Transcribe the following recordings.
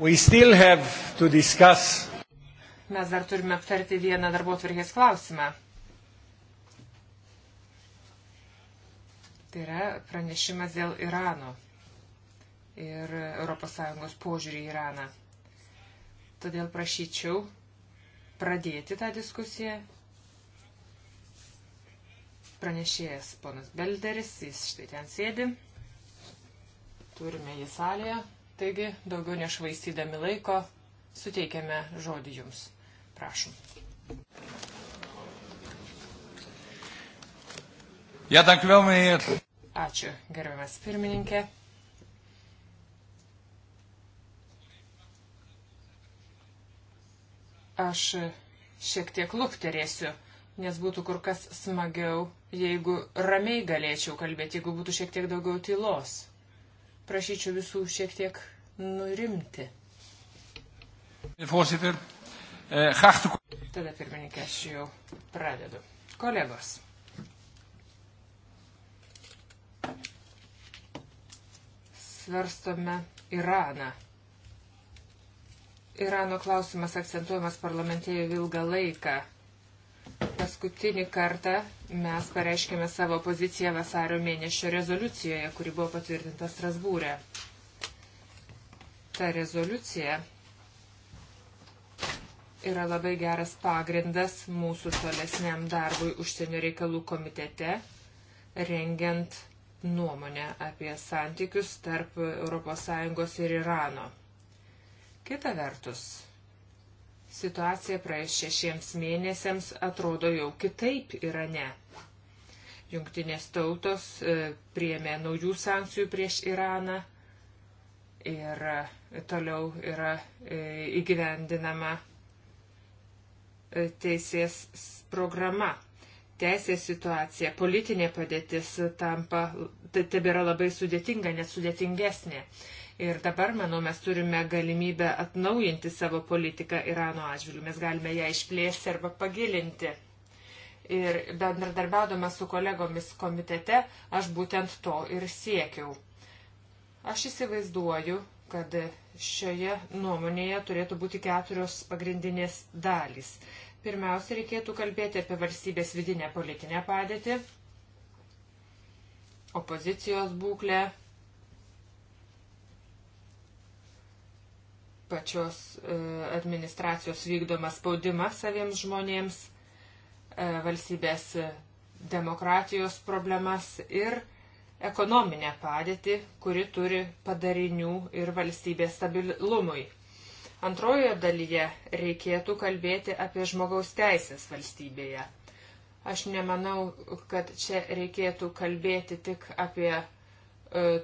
Mes dar turime aptarti vieną darbo tvarkės klausimą. Tai yra pranešimas dėl Irano ir ES požiūrį į Iraną. Todėl prašyčiau pradėti tą diskusiją. Pranešėjas ponas Belderis, jis štai ten sėdi. Turime jį salėje. Taigi, daugiau nešvaistydami laiko, suteikiame žodį jums. Prašom. Ja, dank u wel, meneer. Ačiū, gerbiamas pirmininkė. Aš šiek tiek lukterėsiu, nes būtų kur kas smagiau, jeigu ramiai galėčiau kalbėti, jeigu būtų šiek tiek daugiau tylos prašyčiau visų šiek tiek nurimti. Voorzitter, eh, graag te... Tada pirmininkė, aš jau pradedu. Kolegos. Svarstome Iraną. Irano klausimas akcentuojamas parlamentėje ilgą laiką Paskutinį kartą mes pareiškėme savo poziciją vasario mėnesio rezoliucijoje, kuri buvo patvirtinta Strasbūrė. Ta rezoliucija yra labai geras pagrindas mūsų tolesniam darbui užsienio reikalų komitete, rengiant nuomonę apie santykius tarp ES ir Irano. Kita vertus, situacija praėjus šešiems mėnesiams atrodo jau kitaip Irane. Jungtinės tautos e, priėmė naujų sankcijų prieš Iraną ir e, toliau yra e, įgyvendinama teisės programa teisės situacija, politinė padėtis tampa, tai tebėra labai sudėtinga, net sudėtingesnė. Ir dabar, manau, mes turime galimybę atnaujinti savo politiką Irano atžvilgių. Mes galime ją išplėsti arba pagilinti. Ir bendradarbiaudama su kolegomis komitete, aš būtent to ir siekiau. Aš įsivaizduoju, kad šioje nuomonėje turėtų būti keturios pagrindinės dalys. Pirmiausia, reikėtų kalbėti apie valstybės vidinę politinę padėtį, opozicijos būklę, pačios e, administracijos vykdomas spaudimas saviems žmonėms, e, valstybės demokratijos problemas ir ekonominę padėtį, kuri turi padarinių ir valstybės stabilumui. Antrojoje dalyje reikėtų kalbėti apie žmogaus teisės valstybėje. Aš nemanau, kad čia reikėtų kalbėti tik apie uh,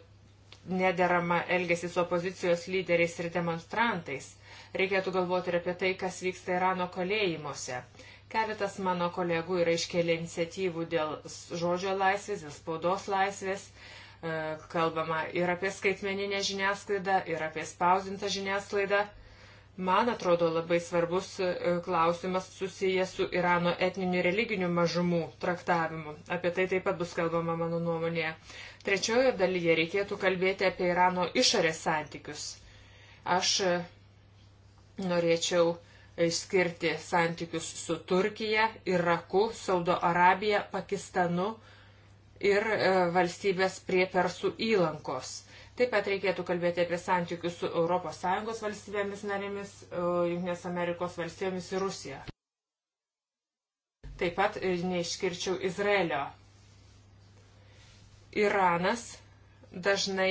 nederamą elgesį su opozicijos lyderiais ir demonstrantais. Reikėtų galvoti ir apie tai, kas vyksta Irano kalėjimuose. Keletas mano kolegų yra iškėlę iniciatyvų dėl žodžio laisvės, dėl spaudos laisvės. E, kalbama ir apie skaitmeninę žiniasklaidą, ir apie spausdintą žiniasklaidą man atrodo labai svarbus e, klausimas susijęs su Irano etninių religinių mažumų traktavimu. Apie tai taip pat bus kalbama mano nuomonėje. Trečiojo dalyje reikėtų kalbėti apie Irano išorės santykius. Aš e, norėčiau išskirti santykius su Turkija, Iraku, Saudo Arabija, Pakistanu ir e, valstybės prie Persų įlankos. Taip pat reikėtų kalbėti apie santykius su ES valstybėmis narėmis, e, Junktinės Amerikos valstybėmis ir Rusija. Taip pat e, neiškirčiau Izraelio. Iranas dažnai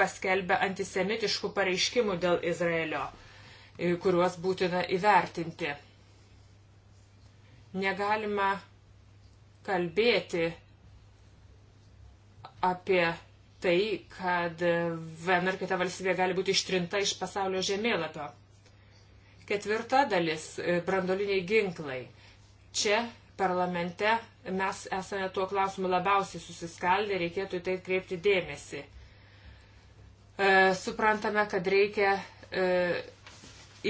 paskelbia antisemitiškų pareiškimų dėl Izraelio, e, kuriuos būtina įvertinti. Negalima kalbėti apie tai, kad viena ar kita valstybė gali būti ištrinta iš pasaulio žemėlapio. Ketvirta dalis - e, brandoliniai ginklai. Čia parlamente mes esame tuo klausimu labiausiai susiskaldę, reikėtų į tai kreipti dėmesį. E, suprantame, kad reikia e,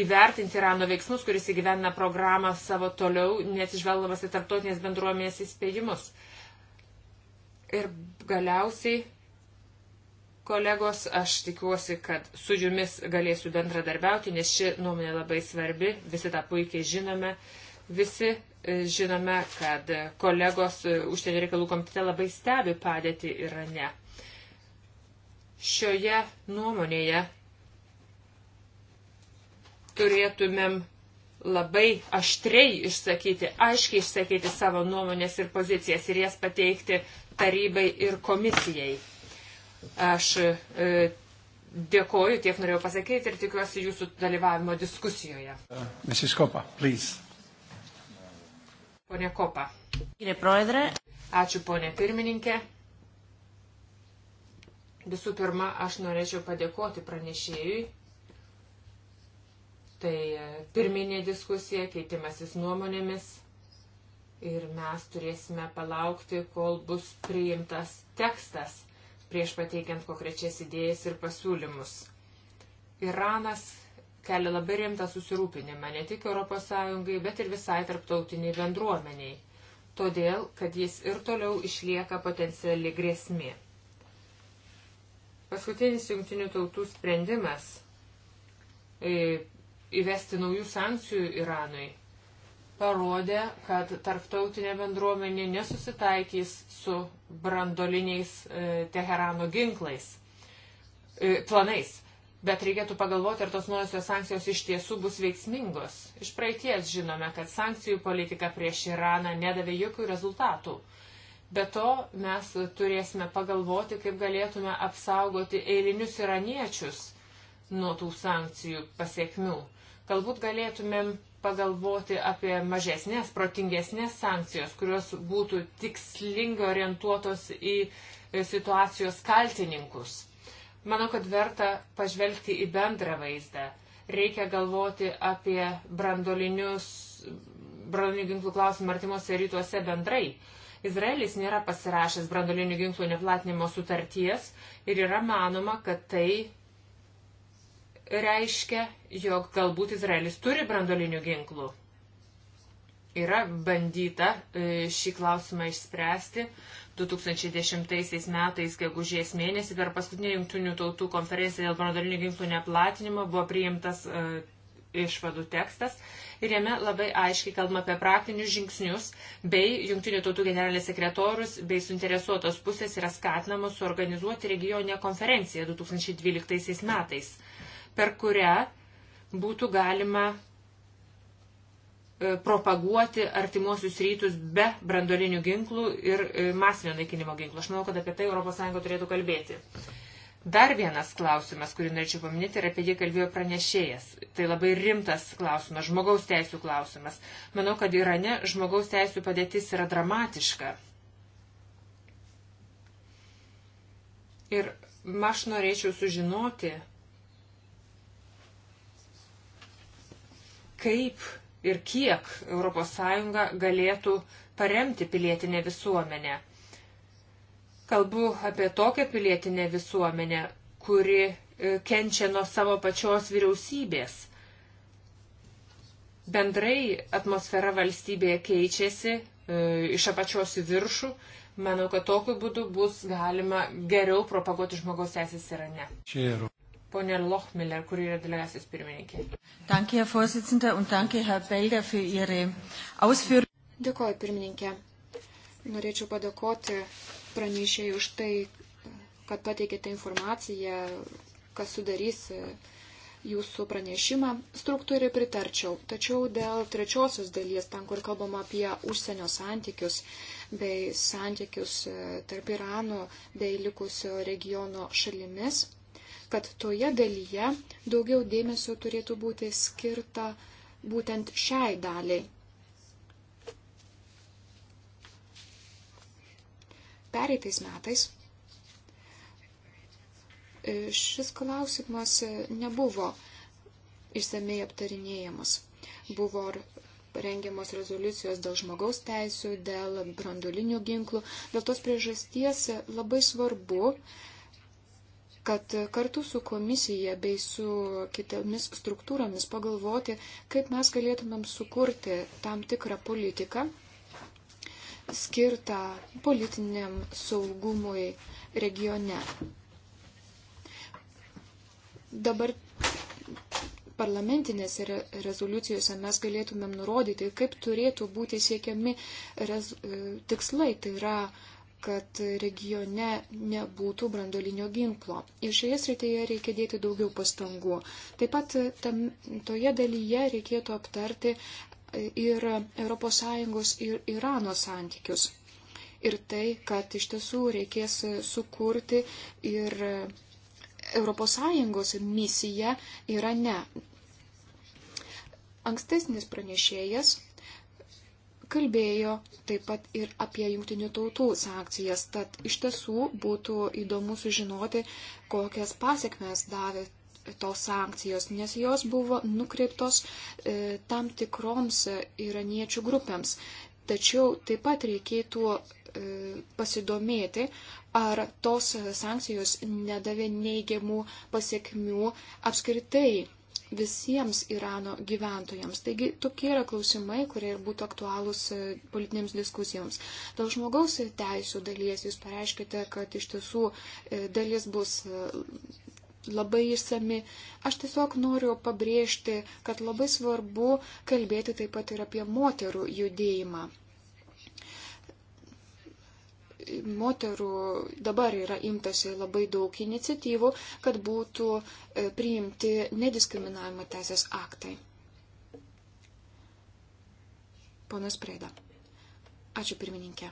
įvertinti Irano veiksmus, kuris įgyvena programą savo toliau, neatsižvelgdamas į tarptautinės bendruomenės įspėjimus. Ir galiausiai kolegos. Aš tikiuosi, kad su jumis galėsiu bendradarbiauti, nes ši nuomonė labai svarbi. Visi tą puikiai žinome. Visi e, žinome, kad kolegos e, užsienio reikalų komitete labai stebi padėtį Irane. Šioje nuomonėje turėtumėm labai aštriai išsakyti, aiškiai išsakyti savo nuomonės ir pozicijas ir jas pateikti tarybai ir komisijai. Aš e, dėkoju, tiek norėjau pasakyti ir tikiuosi jūsų dalyvavimo diskusijoje. Mrs. Kopa, please. Pone Kopa. Ačiū, ponė pirmininkė. Visų pirma, aš norėčiau padėkoti pranešėjui. Tai e, pirminė diskusija, keitimasis nuomonėmis. Ir mes turėsime palaukti, kol bus priimtas tekstas prieš pateikiant konkrečias idėjas ir pasiūlymus. Iranas kelia labai rimtą susirūpinimą ne tik ES, bet ir visai tarptautiniai bendruomeniai, todėl, kad jis ir toliau išlieka potenciali grėsmė. Paskutinis jungtinių tautų sprendimas e, įvesti naujų sankcijų Iranui parodė, kad tarptautinė bendruomenė nesusitaikys su brandoliniais e, Teherano ginklais, e, planais. Bet reikėtų pagalvoti, ar tos nuosios sankcijos iš tiesų bus veiksmingos. Iš praeities žinome, kad sankcijų politika prieš Iraną nedavė jokių rezultatų. Be to mes turėsime pagalvoti, kaip galėtume apsaugoti eilinius iraniečius nuo tų sankcijų pasiekmių. Galbūt galėtumėm pagalvoti apie mažesnės, protingesnės sankcijos, kurios būtų tikslingai orientuotos į e, situacijos kaltininkus. Manau, kad verta pažvelgti į bendrą vaizdą. Reikia galvoti apie brandolinius, brandolinių ginklų klausimą artimuose rytuose bendrai. Izraelis nėra pasirašęs brandolinių ginklų neplatinimo sutarties ir yra manoma, kad tai reiškia, jog galbūt Izraelis turi brandolinių ginklų. Yra bandyta e, šį klausimą išspręsti 2010 metais, gegužės mėnesį, per paskutinę Junktinių tautų konferenciją dėl brandolinių ginklų neplatinimo buvo priimtas e, išvadų tekstas ir jame labai aiškiai kalbama apie praktinius žingsnius, bei Junktinių tautų generalinis sekretorius bei suinteresuotos pusės yra skatinamos suorganizuoti regioninę konferenciją 2012 metais per kurią būtų galima e, propaguoti artimuosius rytus be brandolinių ginklų ir e, masinio naikinimo ginklų. Aš manau, kad apie tai ES turėtų kalbėti. Dar vienas klausimas, kurį norėčiau paminėti, ir apie jį kalbėjo pranešėjas. Tai labai rimtas klausimas, žmogaus teisų klausimas. Manau, kad Irane žmogaus teisų padėtis yra dramatiška. Ir aš norėčiau sužinoti, kaip ir kiek ES galėtų paremti pilietinę visuomenę. Kalbu apie tokią pilietinę visuomenę, kuri e, kenčia nuo savo pačios vyriausybės. Bendrai atmosfera valstybėje keičiasi e, iš apačios į viršų. Manau, kad tokiu būdu bus galima geriau propaguoti žmogaus teisės ir ne. Čia yra. Pone Lochmiller, kuri yra delegacijos pirmininkė. Danke, Herr Vorsitzender, und danke, Herr Belder, für Ihre Ausführungen. Dėkoju, pirmininkė. Norėčiau padėkoti pranešėjai už tai, kad pateikėte informaciją, kas sudarys jūsų pranešimą. Struktūrai pritarčiau, tačiau dėl trečiosios dalies, ten, kur kalbama apie užsienio santykius bei santykius tarp Irano bei likusio regiono šalimis kad toje dalyje daugiau dėmesio turėtų būti skirta būtent šiai daliai. Pereitais metais e, šis klausimas nebuvo išsamei aptarinėjamas. Buvo rengiamos rezoliucijos dėl žmogaus teisų, dėl brandulinių ginklų. Dėl tos priežasties labai svarbu, kad kartu su komisija bei su kitomis struktūromis pagalvoti, kaip mes galėtumėm sukurti tam tikrą politiką skirtą politiniam saugumui regione. Dabar parlamentinėse re rezoliucijose mes galėtumėm nurodyti, kaip turėtų būti siekiami rez, e, tikslai, tai yra kad regione nebūtų brandolinio ginklo. Ir šioje srityje reikia dėti daugiau pastangų. Taip pat tam, toje dalyje reikėtų aptarti e, ir ES ir Irano santykius. Ir tai, kad iš tiesų reikės sukurti ir ES misiją Irane. Ankstesnis pranešėjas kalbėjo taip pat ir apie jungtinių tautų sankcijas, tad iš tiesų būtų įdomu sužinoti, kokias pasiekmes davė tos sankcijos, nes jos buvo nukreiptos e, tam tikroms e, iraniečių grupėms. Tačiau taip pat reikėtų e, pasidomėti, ar tos sankcijos nedavė neigiamų pasiekmių apskritai visiems Irano gyventojams. Taigi tokie yra klausimai, kurie ir būtų aktualūs e, politinėms diskusijoms. Dėl žmogaus teisų dalies jūs pareiškite, kad iš tiesų e, dalis bus e, labai išsami. Aš tiesiog noriu pabrėžti, kad labai svarbu kalbėti taip pat ir apie moterų judėjimą moterų dabar yra imtasi labai daug iniciatyvų, kad būtų e, priimti nediskriminavimo teisės aktai. Ponas Preda. Ačiū pirmininkė.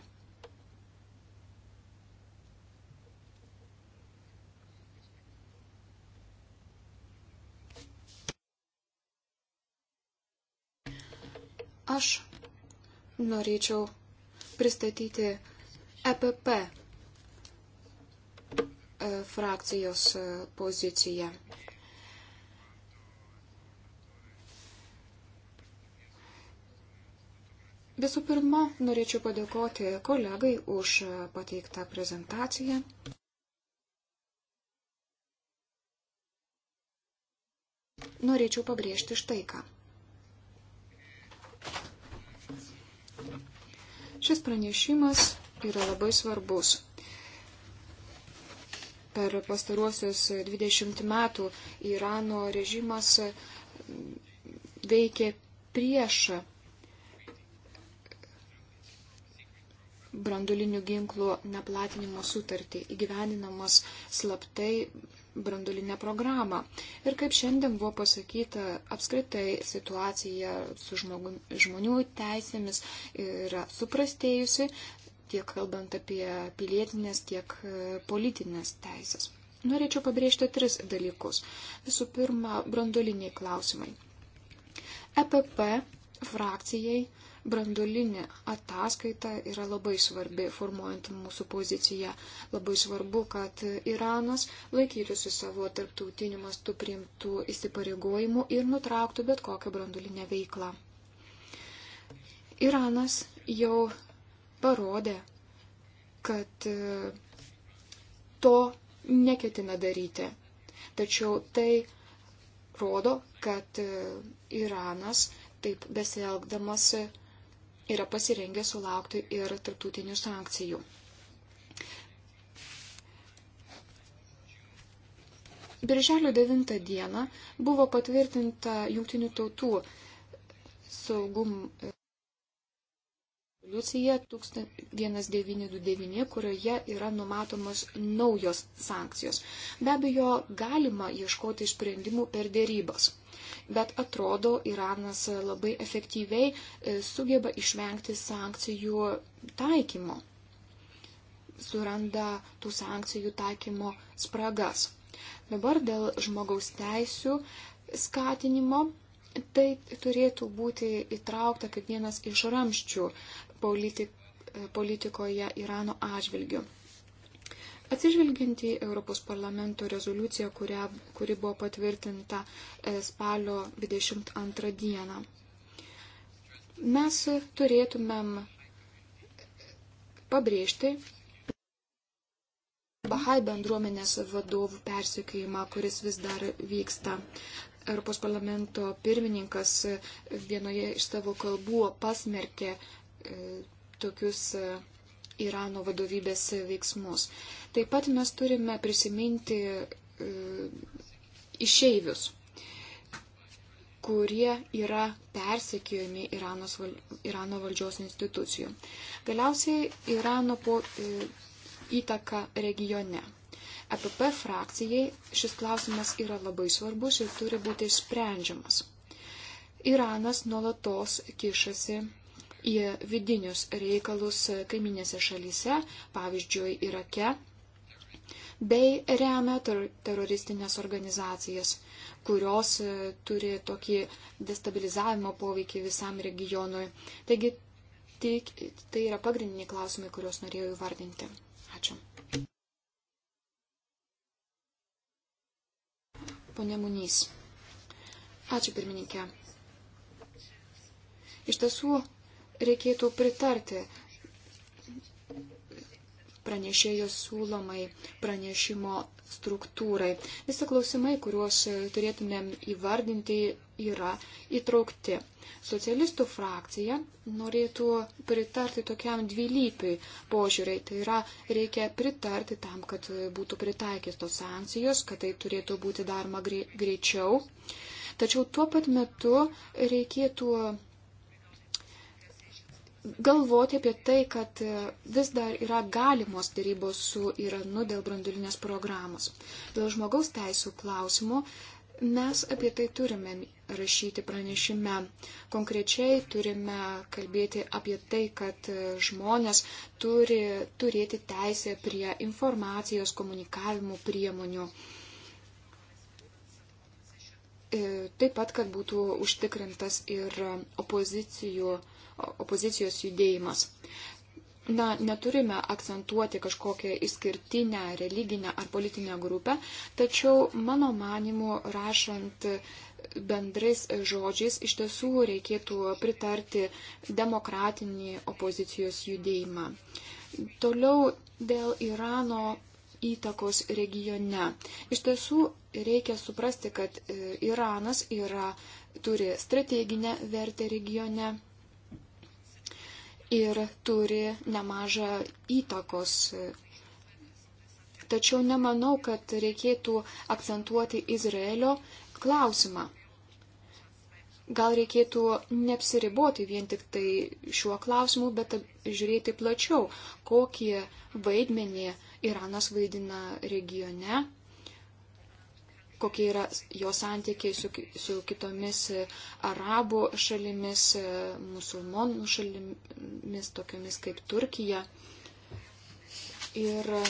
Aš norėčiau pristatyti EPP e, frakcijos e, poziciją. Visų pirma, norėčiau padėkoti kolegai už pateiktą prezentaciją. Norėčiau pabrėžti štai ką. Šis pranešimas yra labai svarbus. Per pastaruosius 20 metų Irano režimas veikė prieš brandolinių ginklų neplatinimo sutartį, įgyvendinamas slaptai brandolinę programą. Ir kaip šiandien buvo pasakyta, apskritai situacija su žmogum, žmonių teisėmis yra suprastėjusi, tiek kalbant apie pilietinės, tiek e, politinės teisės. Norėčiau pabrėžti tris dalykus. Visų pirma, brandoliniai klausimai. EPP frakcijai brandolinė ataskaita yra labai svarbi, formuojant mūsų poziciją. Labai svarbu, kad Iranas laikytųsi savo tarptautiniu mastu priimtų įsipareigojimų ir nutrauktų bet kokią brandolinę veiklą. Iranas jau parodė, kad e, to neketina daryti. Tačiau tai rodo, kad e, Iranas taip besielgdamas yra pasirengęs sulaukti ir tarptautinių sankcijų. Birželio 9 dieną buvo patvirtinta jungtinių tautų saugum, rezoliucija 1929, kurioje yra numatomos naujos sankcijos. Be abejo, galima ieškoti sprendimų per dėrybas. Bet atrodo, Iranas labai efektyviai e, sugeba išvengti sankcijų taikymo, suranda tų sankcijų taikymo spragas. Dabar dėl žmogaus teisių skatinimo Tai turėtų būti įtraukta kaip vienas iš ramščių politik, politikoje Irano atžvilgiu. Atsižvelgiant į Europos parlamento rezoliuciją, kuria, kuri buvo patvirtinta e, spalio 22 dieną, mes turėtumėm pabrėžti Bahai bendruomenės vadovų persikėjimą, kuris vis dar vyksta. Europos parlamento pirmininkas e, vienoje iš savo kalbų pasmerkė uh, tokius e, Irano vadovybės veiksmus. Taip pat mes turime prisiminti e, išeivius, kurie yra persekiojami Iranos, Irano valdžios institucijų. Galiausiai Irano po, e, įtaka regione. APP frakcijai šis klausimas yra labai svarbus ir turi būti sprendžiamas. Iranas nuolatos kišasi į vidinius reikalus kaiminėse šalyse, pavyzdžiui, Irake, bei remia ter teroristinės organizacijas, kurios e, turi tokį destabilizavimo poveikį visam regionui. Taigi, tik, tai yra pagrindiniai klausimai, kuriuos norėjau įvardinti. Ačiū. Pone Munys. Ačiū pirmininkė. Iš tiesų, reikėtų pritarti pranešėjo siūlomai pranešimo struktūrai. Visi klausimai, kuriuos turėtumėm įvardinti, yra įtraukti. Socialistų frakcija norėtų pritarti tokiam dvilypiui požiūriai. Tai yra, reikia pritarti tam, kad būtų pritaikystos sankcijos, kad tai turėtų būti daroma greičiau. Tačiau tuo pat metu reikėtų galvoti apie tai, kad e, vis dar yra galimos dėrybos su Iranu dėl brandulinės programos. Dėl žmogaus teisų klausimų mes apie tai turime rašyti pranešime. Konkrečiai turime kalbėti apie tai, kad e, žmonės turi turėti teisę prie informacijos komunikavimo priemonių e, taip pat, kad būtų užtikrintas ir opozicijų opozicijos judėjimas. Na, neturime akcentuoti kažkokią išskirtinę religinę ar politinę grupę, tačiau mano manimu, rašant bendrais žodžiais, iš tiesų reikėtų pritarti demokratinį opozicijos judėjimą. Toliau dėl Irano įtakos regione. Iš tiesų reikia suprasti, kad e, Iranas yra, turi strateginę vertę regione ir turi nemažą įtakos. Tačiau nemanau, kad reikėtų akcentuoti Izraelio klausimą. Gal reikėtų neapsiriboti vien tik tai šiuo klausimu, bet žiūrėti plačiau, kokį vaidmenį Iranas vaidina regione kokie yra jo santykiai su, su kitomis e, arabų šalimis, e, musulmonų šalimis, tokiamis kaip Turkija. Ir e,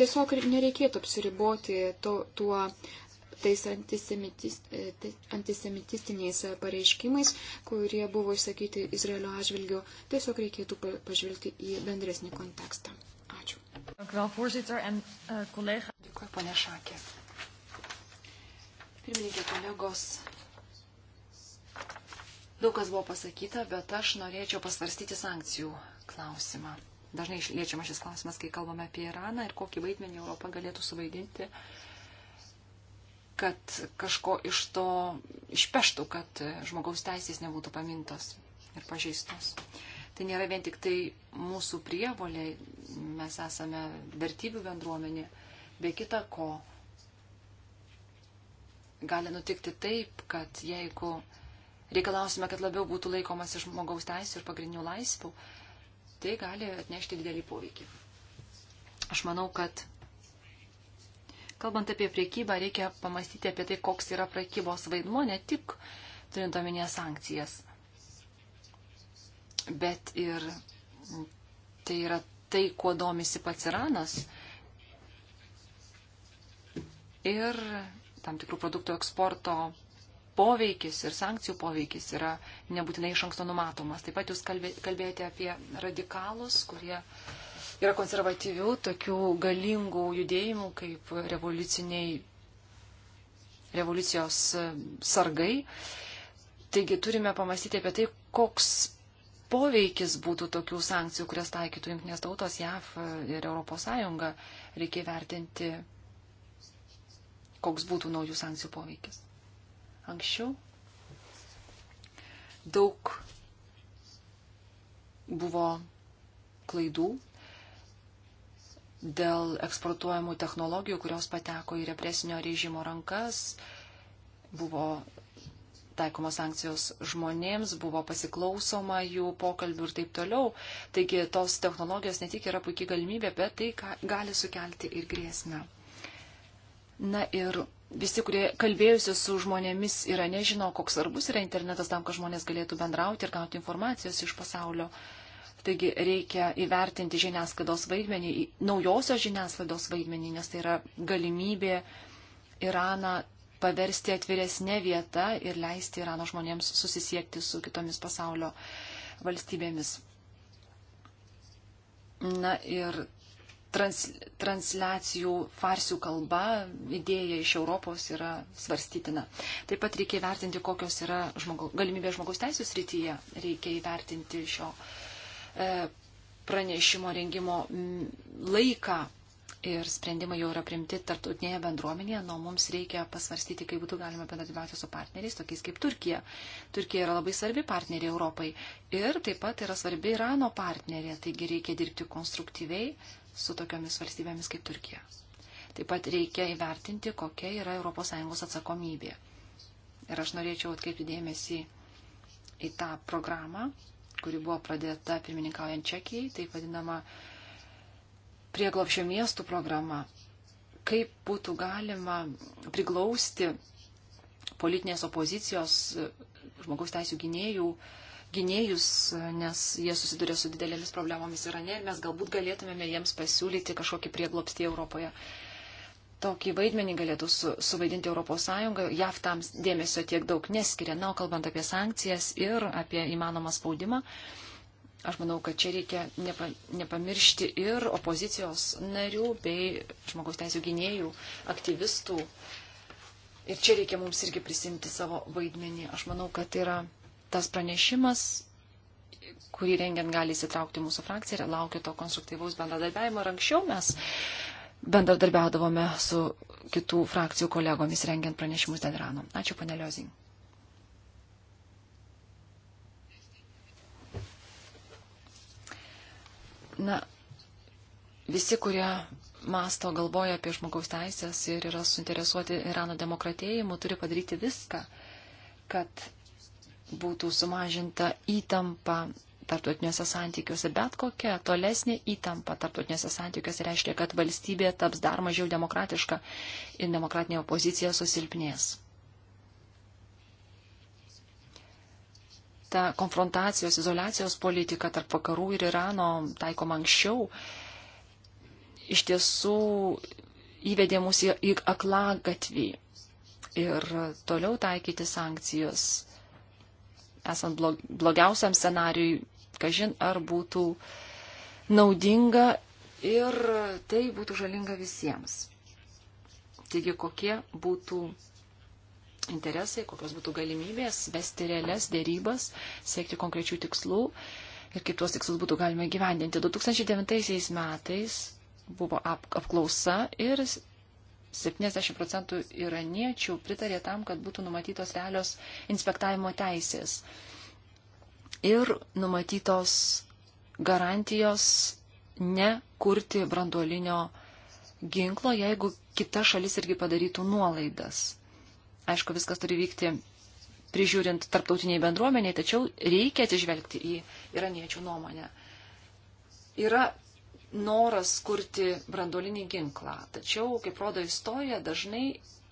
tiesiog nereikėtų apsiriboti to, tuo tais antisemitis, antisemitistiniais pareiškimais, kurie buvo išsakyti Izraelio atžvilgiu. Tiesiog reikėtų pažvelgti į bendresnį kontekstą. Ačiū. Eh, Dėkuoju, ponė Šakė pirmininkė, kolegos, daug kas buvo pasakyta, bet aš norėčiau pasvarstyti sankcijų klausimą. Dažnai išliečiamas šis klausimas, kai kalbame apie Iraną ir kokį vaidmenį Europą galėtų suvaidinti, kad kažko iš to išpeštų, kad žmogaus teisės nebūtų pamintos ir pažeistos. Tai nėra vien tik tai mūsų prievolė, mes esame vertybių bendruomenė, be kita ko gali nutikti taip, kad jeigu reikalausime, kad labiau būtų laikomas žmogaus teisų ir pagrindinių laisvų, tai gali atnešti didelį poveikį. Aš manau, kad kalbant apie priekybą, reikia pamastyti apie tai, koks yra priekybos vaidmo, ne tik turint omenyje sankcijas, bet ir tai yra tai, kuo domisi pats Iranas. Ir tam tikrų produktų eksporto poveikis ir sankcijų poveikis yra nebūtinai iš anksto numatomas. Taip pat jūs kalbėjote apie radikalus, kurie yra konservatyvių, tokių galingų judėjimų kaip revoliuciniai, revoliucijos sargai. Taigi turime pamastyti apie tai, koks poveikis būtų tokių sankcijų, kurias taikytų Junktinės tautos, JAF ir ES. Reikia vertinti koks būtų naujų sankcijų poveikis. Anksčiau daug buvo klaidų dėl eksportuojamų technologijų, kurios pateko į represinio režimo rankas, buvo taikomos sankcijos žmonėms, buvo pasiklausoma jų pokalbių ir taip toliau. Taigi tos technologijos ne tik yra puikiai galimybė, bet tai gali sukelti ir grėsmę. Na ir visi, kurie kalbėjusi su žmonėmis yra nežino, koks svarbus yra internetas tam, kad žmonės galėtų bendrauti ir gauti informacijos iš pasaulio. Taigi reikia įvertinti žiniasklaidos vaidmenį, naujosios žiniasklaidos vaidmenį, nes tai yra galimybė Iraną paversti atviresnė vieta ir leisti Irano žmonėms susisiekti su kitomis pasaulio valstybėmis. Na ir trans, transliacijų farsių kalba, idėja iš Europos yra svarstytina. Taip pat reikia įvertinti, kokios yra žmogu, galimybės žmogaus teisų srityje. Reikia įvertinti šio e, pranešimo rengimo laiką. Ir sprendimai jau yra primti tarptautinėje bendruomenėje, nuo mums reikia pasvarstyti, kaip būtų galima bendradarbiauti su partneriais, tokiais kaip Turkija. Turkija yra labai svarbi partnerė Europai ir taip pat yra svarbi Irano partnerė, taigi reikia dirbti konstruktyviai, su tokiamis valstybėmis kaip Turkija. Taip pat reikia įvertinti, kokia yra ES atsakomybė. Ir aš norėčiau atkreipti dėmesį į tą programą, kuri buvo pradėta pirmininkaujant Čekijai, tai vadinama prieglopšio miestų programa. Kaip būtų galima priglausti politinės opozicijos žmogaus teisų gynėjų uh, gynėjus, nes jie susiduria su didelėmis problemomis Irane ir mes galbūt galėtumėme jiems pasiūlyti kažkokį prieglobstį Europoje. Tokį vaidmenį galėtų su, suvaidinti ES, JAV tam dėmesio tiek daug neskiria. Na, o kalbant apie sankcijas ir apie įmanomą spaudimą, aš manau, kad čia reikia nepa, nepamiršti ir opozicijos narių bei žmogaus teisų gynėjų, aktyvistų. Ir čia reikia mums irgi prisimti savo vaidmenį. Aš manau, kad tai yra tas pranešimas, kurį rengiant gali įsitraukti mūsų frakcija ir laukiu to konstruktyvaus bendradarbiavimo. Ir anksčiau mes bendradarbiaudavome su kitų frakcijų kolegomis rengiant pranešimus Denrano. Ačiū, paneliozin. Na, visi, kurie masto galvoja apie žmogaus teisės ir yra suinteresuoti Irano demokratėjimu, turi padaryti viską, kad būtų sumažinta įtampa tarptautiniuose santykiuose. Bet kokia tolesnė įtampa tarptautiniuose santykiuose reiškia, kad valstybė taps dar mažiau demokratiška ir demokratinė opozicija susilpnės. Ta konfrontacijos, izolacijos politika tarp vakarų ir Irano taikoma anksčiau iš tiesų įvedė mus į aklagatvį ir toliau taikyti sankcijos esant blogiausiam scenariui, kažin ar būtų naudinga ir tai būtų žalinga visiems. Taigi, kokie būtų interesai, kokios būtų galimybės vesti realias dėrybas, siekti konkrečių tikslų ir kaip tuos tikslus būtų galima gyvendinti. 2009 metais buvo apklausa ir 70 procentų iraniečių pritarė tam, kad būtų numatytos realios inspektavimo teisės ir numatytos garantijos nekurti branduolinio ginklo, jeigu kita šalis irgi padarytų nuolaidas. Aišku, viskas turi vykti prižiūrint tarptautiniai bendruomeniai, tačiau reikia atsižvelgti į iraniečių nuomonę. Yra noras kurti brandolinį ginklą. Tačiau, kaip rodo istorija, dažnai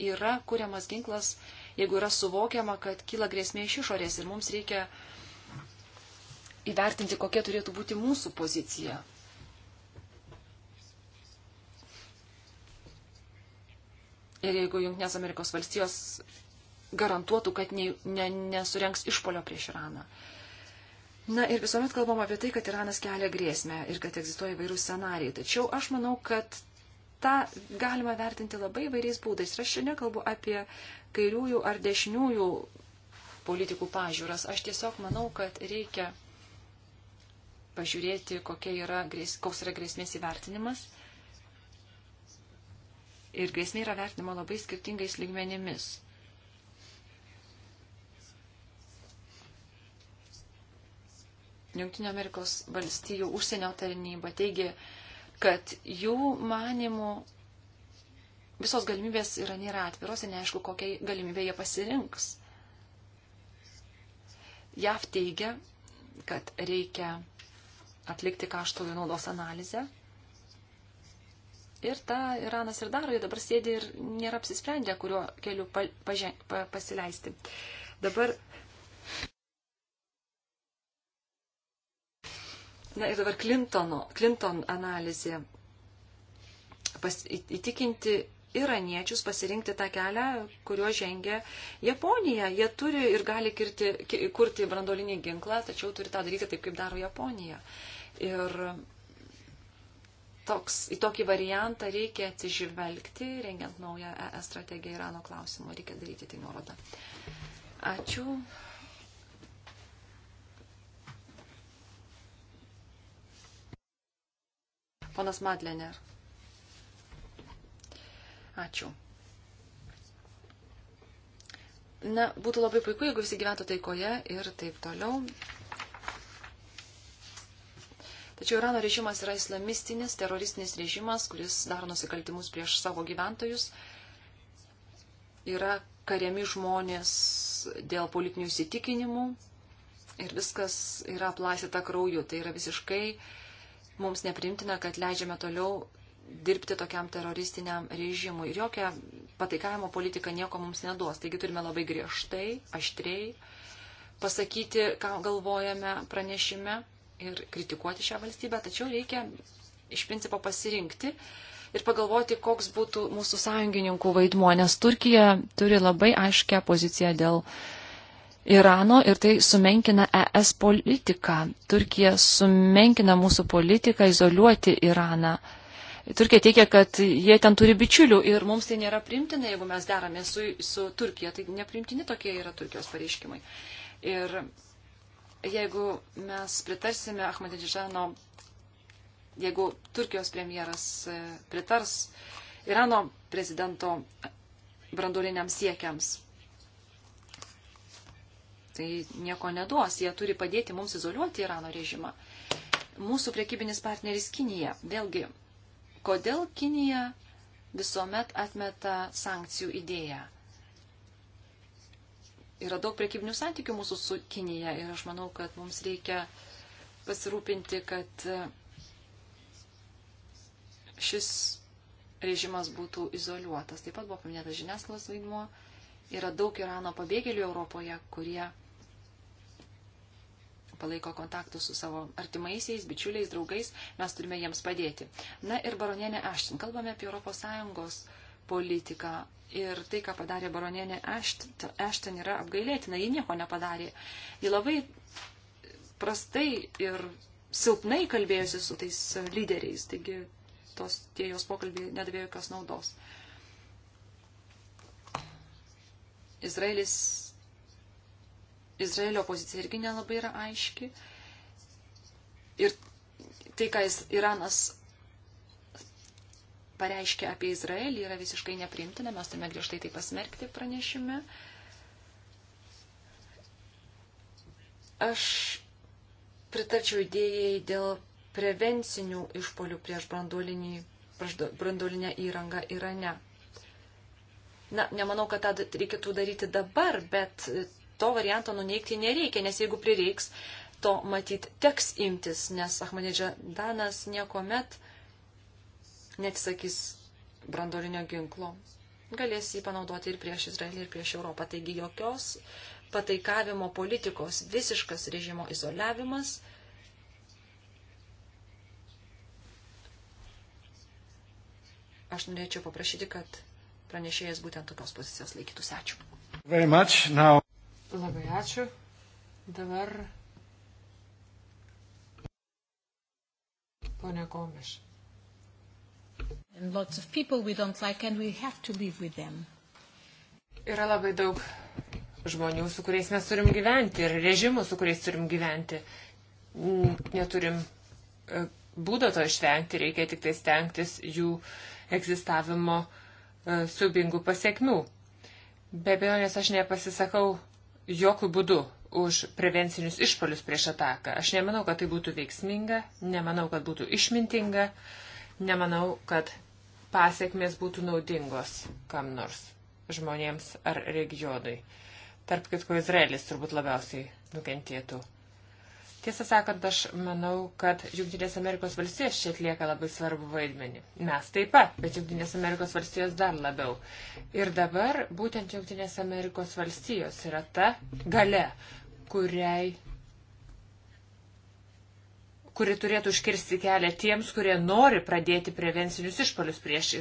yra kuriamas ginklas, jeigu yra suvokiama, kad kyla grėsmė iš išorės ir mums reikia įvertinti, kokia turėtų būti mūsų pozicija. Ir jeigu Junktinės Amerikos valstijos garantuotų, kad ne, ne, nesurenks išpolio prieš Iraną. Uh, Na ir visuomet kalbam apie tai, kad Iranas kelia grėsmę ir kad egzistuoja įvairių scenarijų. Tačiau aš manau, kad tą galima vertinti labai įvairiais būdais. Ir aš šiandien kalbu apie kairiųjų ar dešiniųjų politikų pažiūras. Aš tiesiog manau, kad reikia pažiūrėti, yra, koks yra grėsmės įvertinimas. Ir grėsmė yra vertinama labai skirtingais lygmenimis. Junktinio Amerikos valstijų užsienio tarnyba teigia, kad jų manimų visos galimybės yra nėra atviros ir neaišku, kokią galimybę jie pasirinks. JAV teigia, kad reikia atlikti kaštų ir naudos analizę. Ir tą Iranas ir daro, jie dabar sėdi ir nėra apsisprendę, kuriuo keliu pa, pažen, pa, pasileisti. Dabar Na ir dabar Clintono, Clinton analizė. Pas, įtikinti iraniečius pasirinkti tą kelią, kuriuo žengia Japonija. Jie turi ir gali kirti, kurti brandolinį ginklą, tačiau turi tą daryti taip, kaip daro Japonija. Ir toks, į tokį variantą reikia atsižvelgti, rengiant naują ES strategiją Irano klausimu. Reikia daryti tai nuorodą. Ačiū. Ponas Madlener. Ačiū. Na, būtų labai puiku, jeigu visi gyventų taikoje ir taip toliau. Tačiau Irano režimas yra islamistinis, teroristinis režimas, kuris daro nusikaltimus prieš savo gyventojus. Yra kariami žmonės dėl politinių įsitikinimų ir viskas yra aplaisita krauju. Tai yra visiškai uh, Mums neprimtina, kad leidžiame toliau dirbti tokiam teroristiniam režimui. Ir jokia pataikavimo politika nieko mums neduos. Taigi turime labai griežtai, aštriai pasakyti, ką galvojame pranešime ir kritikuoti šią valstybę. Tačiau reikia iš principo pasirinkti ir pagalvoti, koks būtų mūsų sąjungininkų vaidmuo, nes Turkija turi labai aiškę poziciją dėl uh, Irano ir tai sumenkina ES politiką. Turkija sumenkina mūsų politiką izoliuoti Iraną. Turkija teikia, kad jie ten turi bičiulių ir mums tai nėra primtina, jeigu mes darome su, su Turkija. Tai neprimtini tokie yra Turkijos pareiškimai. Ir jeigu mes pritarsime Ahmadinejano, jeigu Turkijos premjeras e, pritars Irano prezidento branduliniams siekiams, tai nieko neduos. Jie turi padėti mums izoliuoti Irano režimą. Mūsų priekybinis partneris Kinija. Vėlgi, kodėl Kinija visuomet atmeta sankcijų idėją? Yra daug priekybinių santykių mūsų su Kinija ir aš manau, kad mums reikia pasirūpinti, kad e, šis režimas būtų izoliuotas. Taip pat buvo paminėtas žiniasklaidos vaidmuo. Yra daug Irano pabėgėlių Europoje, kurie palaiko kontaktus su savo artimaisiais, bičiuliais, draugais, mes turime jiems padėti. Na ir baronienė Ashton, kalbame apie ES politiką ir tai, ką padarė baronienė Ashton, yra apgailėtina, ji nieko nepadarė. Ji labai prastai ir silpnai kalbėjusi su tais lyderiais, taigi tos, tie jos pokalbiai nedavė jokios naudos. Izraelis Izraelio pozicija irgi nelabai yra aiški. Ir tai, ką Iranas pareiškia apie Izraelį, yra visiškai neprimtina, mes turime griežtai tai pasmerkti pranešime. Aš pritarčiau idėjai dėl prevencinių išpolių prieš branduolinę įrangą Irane. Na, nemanau, kad tą reikėtų daryti dabar, bet to varianto nuneikti nereikia, nes jeigu prireiks, to matyt teks imtis, nes Ahmadinejadanas niekuomet neatsakys brandolinio ginklo. Galės jį panaudoti ir prieš Izraelį, ir prieš Europą. Taigi jokios pataikavimo politikos, visiškas režimo izoliavimas. Aš norėčiau paprašyti, kad pranešėjas būtent tokios pozicijos laikytųsi. Ačiū. Now... Labai ačiū. Dabar ponia Gomiš. Like Yra labai daug žmonių, su kuriais mes turim gyventi ir režimų, su kuriais turim gyventi. Neturim e, būdo to išvengti, reikia tik tai stengtis jų egzistavimo e, siubingų pasiekmių. Be abejonės aš nepasisakau jokių būdų už prevencinius išpolius prieš ataką. Aš nemanau, kad tai būtų veiksminga, nemanau, kad būtų išmintinga, nemanau, kad pasiekmės būtų naudingos kam nors žmonėms ar regionui. Tarp kitko, Izraelis turbūt labiausiai nukentėtų. Tiesą sakant, aš manau, kad Junktinės Amerikos valstijos čia atlieka labai svarbu vaidmenį. Mes taip pat, bet Junktinės Amerikos valstijos dar labiau. Ir dabar būtent Junktinės Amerikos valstijos yra ta gale, kuriai kuri turėtų užkirsti kelią tiems, kurie nori pradėti prevencinius išpolius prieš,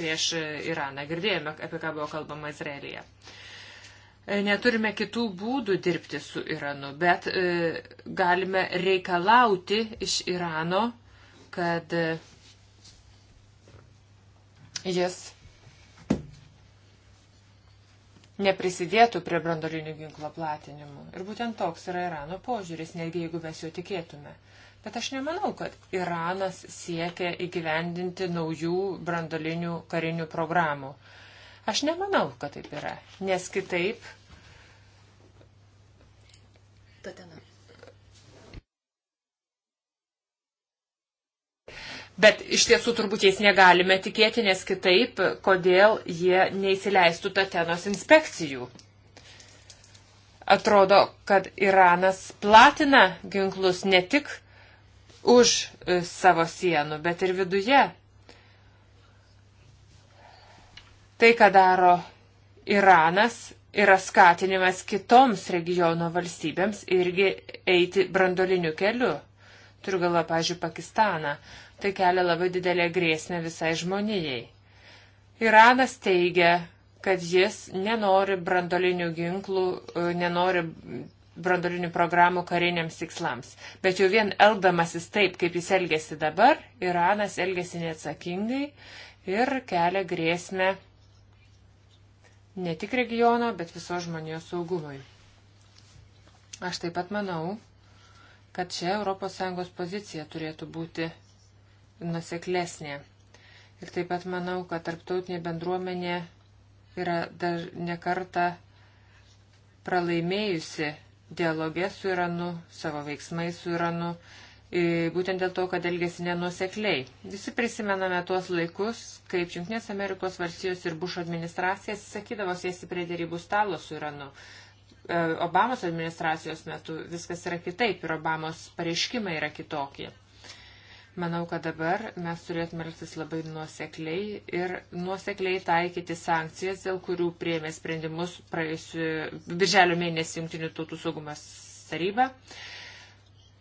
prieš e, Iraną. Girdėjome, apie ką buvo kalbama Izraelija. Uh, neturime kitų būdų dirbti su Iranu, bet e, galime reikalauti iš Irano, kad e, jis neprisidėtų prie brandolinių ginklo platinimų. Ir būtent toks yra Irano požiūris, netgi jeigu mes jo tikėtume. Bet aš nemanau, kad Iranas siekia įgyvendinti naujų brandolinių karinių programų. Uh, Aš nemanau, kad taip yra, nes kitaip. Tatena. Bet iš tiesų turbūt jais negalime tikėti, nes kitaip, kodėl jie neįsileistų Tatenos inspekcijų. Atrodo, kad Iranas platina ginklus ne tik už e, savo sienų, bet ir viduje. Tai, ką daro Iranas, yra skatinimas kitoms regiono valstybėms irgi eiti brandoliniu keliu. Turiu galvą, pažiūrėjau, Pakistaną. Tai kelia labai didelę grėsmę visai žmonijai. Iranas teigia, kad jis nenori brandolinių ginklų, e, nenori brandolinių programų kariniams tikslams. Bet jau vien elgdamasis taip, kaip jis elgesi dabar, Iranas elgesi neatsakingai ir kelia grėsmę ne tik regiono, bet viso žmonijos saugumui. Aš taip pat manau, kad čia ES pozicija turėtų būti nuseklesnė. Ir taip pat manau, kad tarptautinė bendruomenė yra dar nekarta pralaimėjusi dialogė su Iranu, savo veiksmais su Iranu, E, būtent dėl to, kad elgesi nenusekliai. Visi prisimename tuos laikus, kaip Junktinės Amerikos valstijos ir Bušo administracija atsisakydavo sėsti prie dėrybų stalo su Iranu. E, Obamos administracijos metu viskas yra kitaip ir Obamos pareiškimai yra kitokie. Manau, kad dabar mes turėtume elgtis labai nuosekliai ir nuosekliai taikyti sankcijas, dėl kurių priėmė sprendimus praėjusiu birželio mėnesį Junktinių tautų saugumas taryba. Uh,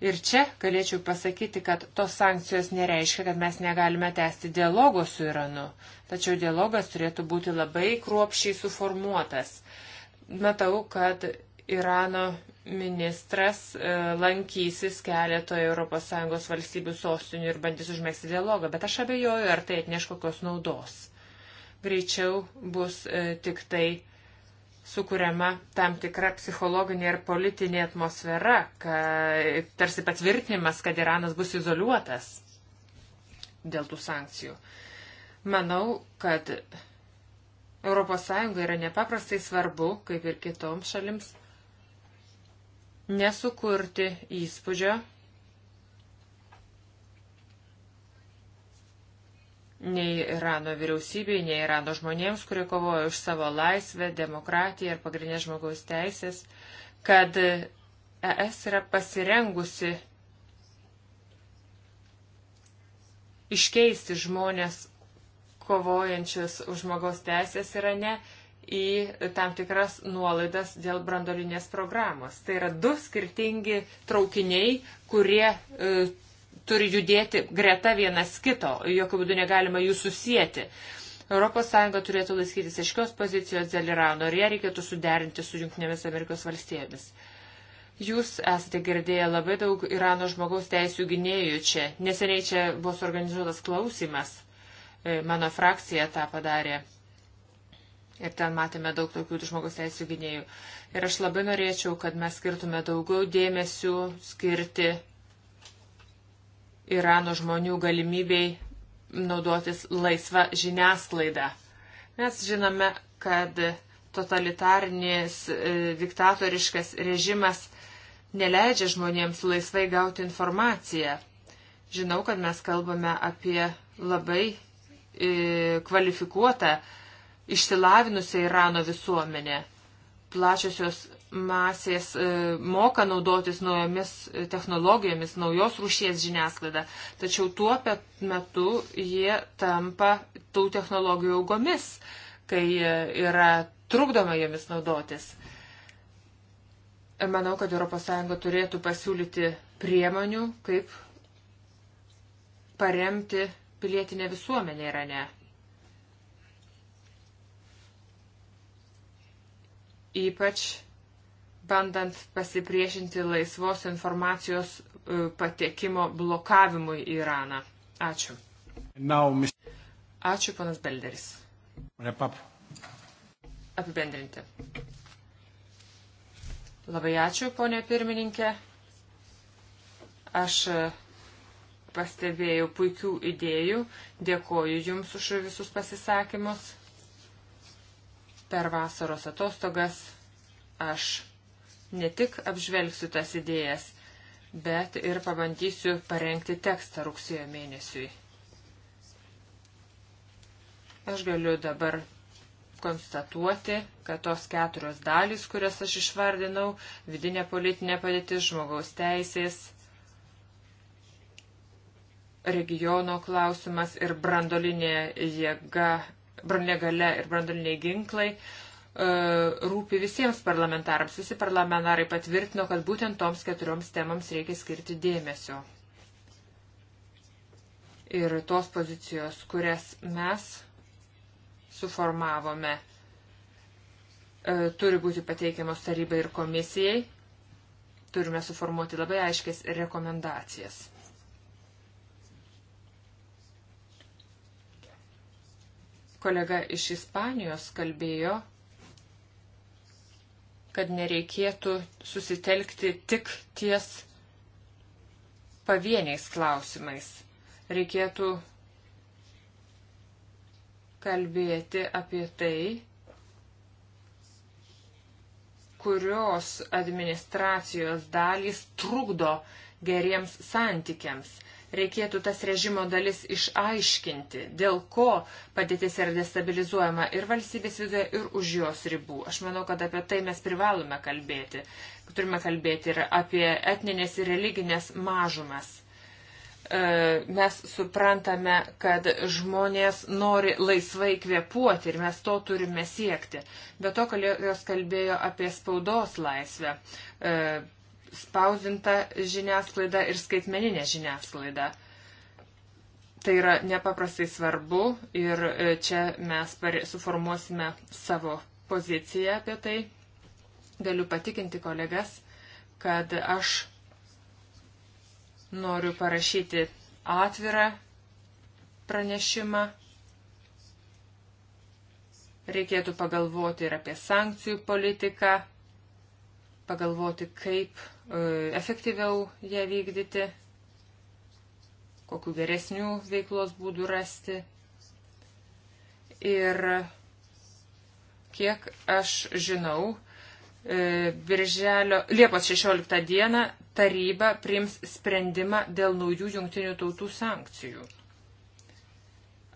Ir čia galėčiau pasakyti, kad tos sankcijos nereiškia, kad mes negalime tęsti dialogo su Iranu. Tačiau dialogas turėtų būti labai kruopšiai suformuotas. Matau, kad Irano ministras e, lankysis keletoje ES valstybių sostinių ir bandys užmėgsti dialogą, bet aš abejoju, ar tai atneš kokios naudos. Greičiau bus e, tik tai sukuriama tam tikra psichologinė ir politinė atmosfera, kad, tarsi patvirtinimas, kad Iranas bus izoliuotas dėl tų sankcijų. Manau, kad ES yra nepaprastai svarbu, kaip ir kitoms šalims, nesukurti įspūdžio, nei Irano vyriausybei, nei Irano žmonėms, kurie kovojo už savo laisvę, demokratiją ir pagrindinės žmogaus teisės, kad ES yra pasirengusi iškeisti žmonės kovojančius už žmogaus teisės Irane į tam tikras nuolaidas dėl brandolinės programos. Tai yra du skirtingi traukiniai, kurie e, turi judėti greta vienas kito, jokių būdų negalima jų susijęti. ES turėtų laikytis aiškios pozicijos dėl Irano ir ją reikėtų suderinti su Junktinėmis Amerikos valstybėmis. Jūs esate girdėję labai daug Irano žmogaus teisų gynėjų čia. Neseniai čia buvo suorganizuotas klausimas. E, mano frakcija tą padarė. Ir ten matėme daug tokių žmogaus teisų gynėjų. Ir aš labai norėčiau, kad mes skirtume daugiau dėmesių skirti Irano žmonių galimybei naudotis laisvą žiniasklaidą. Mes žinome, kad totalitarnis e, diktatoriškas režimas neleidžia žmonėms laisvai gauti informaciją. Žinau, kad mes kalbame apie labai e, kvalifikuotą, išsilavinusią Irano visuomenę. Plačiosios masės e, moka naudotis naujomis e, technologijomis, naujos rūšies žiniasklaida, tačiau tuo metu jie tampa tų technologijų augomis, kai e, yra trukdoma jomis naudotis. Manau, kad ES turėtų pasiūlyti priemonių, kaip paremti pilietinę visuomenę Irane. Ypač bandant pasipriešinti laisvos informacijos e, patekimo blokavimui į Iraną. Ačiū. Now, Ačiū, panas Belderis. Repap. Apibendrinti. Labai ačiū, ponė pirmininkė. Aš e, pastebėjau puikių idėjų. Dėkoju Jums už visus pasisakymus. Per vasaros atostogas aš Ne tik apžvelgsiu tas idėjas, bet ir pabandysiu parengti tekstą rugsėjo mėnesiui. Aš galiu dabar konstatuoti, kad tos keturios dalys, kurias aš išvardinau - vidinė politinė padėtis, žmogaus teisės, regiono klausimas ir brandolinė jėga, brandolinė gale ir brandoliniai ginklai E, rūpi visiems parlamentarams. Visi parlamentarai patvirtino, kad būtent toms keturioms temams reikia skirti dėmesio. Ir tos pozicijos, kurias mes suformavome, e, turi būti pateikiamos tarybai ir komisijai. Turime suformuoti labai aiškės rekomendacijas. Kolega iš Ispanijos kalbėjo kad nereikėtų susitelkti tik ties pavieniais klausimais. Reikėtų kalbėti apie tai, kurios administracijos dalys trukdo geriems santykiams reikėtų tas režimo dalis išaiškinti, dėl ko padėtis yra destabilizuojama ir valstybės viduje, ir už jos ribų. Aš manau, kad apie tai mes privalome kalbėti. Turime kalbėti ir apie etninės ir religinės mažumas. E, mes suprantame, kad žmonės nori laisvai kvepuoti ir mes to turime siekti. Be to, kad jos kalbėjo apie spaudos laisvę e, spausdinta žiniasklaida ir skaitmeninė žiniasklaida. Tai yra nepaprastai svarbu ir e, čia mes suformuosime savo poziciją apie tai. Galiu patikinti kolegas, kad aš noriu parašyti atvirą pranešimą reikėtų pagalvoti ir apie sankcijų politiką, pagalvoti, kaip e, efektyviau ją vykdyti, kokiu geresnių veiklos būdų rasti. Ir kiek aš žinau, e, Birželio, Liepos 16 dieną taryba priims sprendimą dėl naujų jungtinių tautų sankcijų.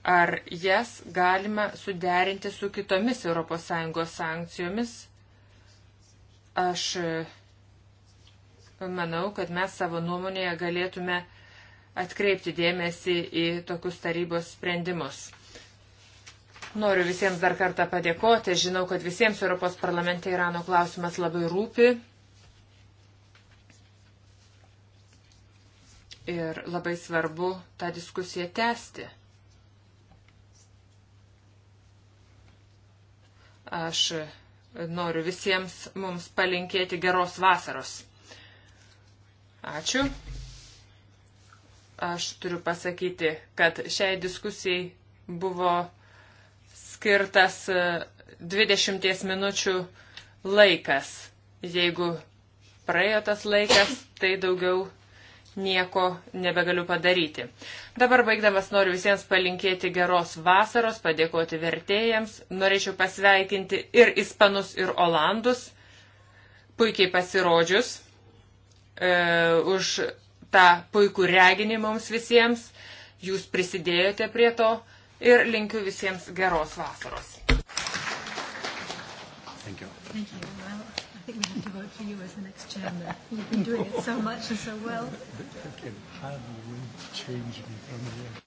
Ar jas galima suderinti su kitomis ES sankcijomis Aš e, manau, kad mes savo nuomonėje galėtume atkreipti dėmesį į tokius tarybos sprendimus. Noriu visiems dar kartą padėkoti. Žinau, kad visiems Europos parlamente Irano klausimas labai rūpi. Ir labai svarbu tą diskusiją tęsti. Aš Noriu visiems mums palinkėti geros vasaros. Ačiū. Aš turiu pasakyti, kad šiai diskusijai buvo skirtas 20 e, minučių laikas. Jeigu praėjo tas laikas, tai daugiau nieko nebegaliu padaryti. Dabar baigdamas noriu visiems palinkėti geros vasaros, padėkoti vertėjams, norėčiau pasveikinti ir ispanus, ir olandus, puikiai pasirodžius e, už tą puikų reginį mums visiems, jūs prisidėjote prie to ir linkiu visiems geros vasaros. Thank you. Thank you think we have to vote for you as the next chairman. You've been doing it so much and so well. How do we change it from here?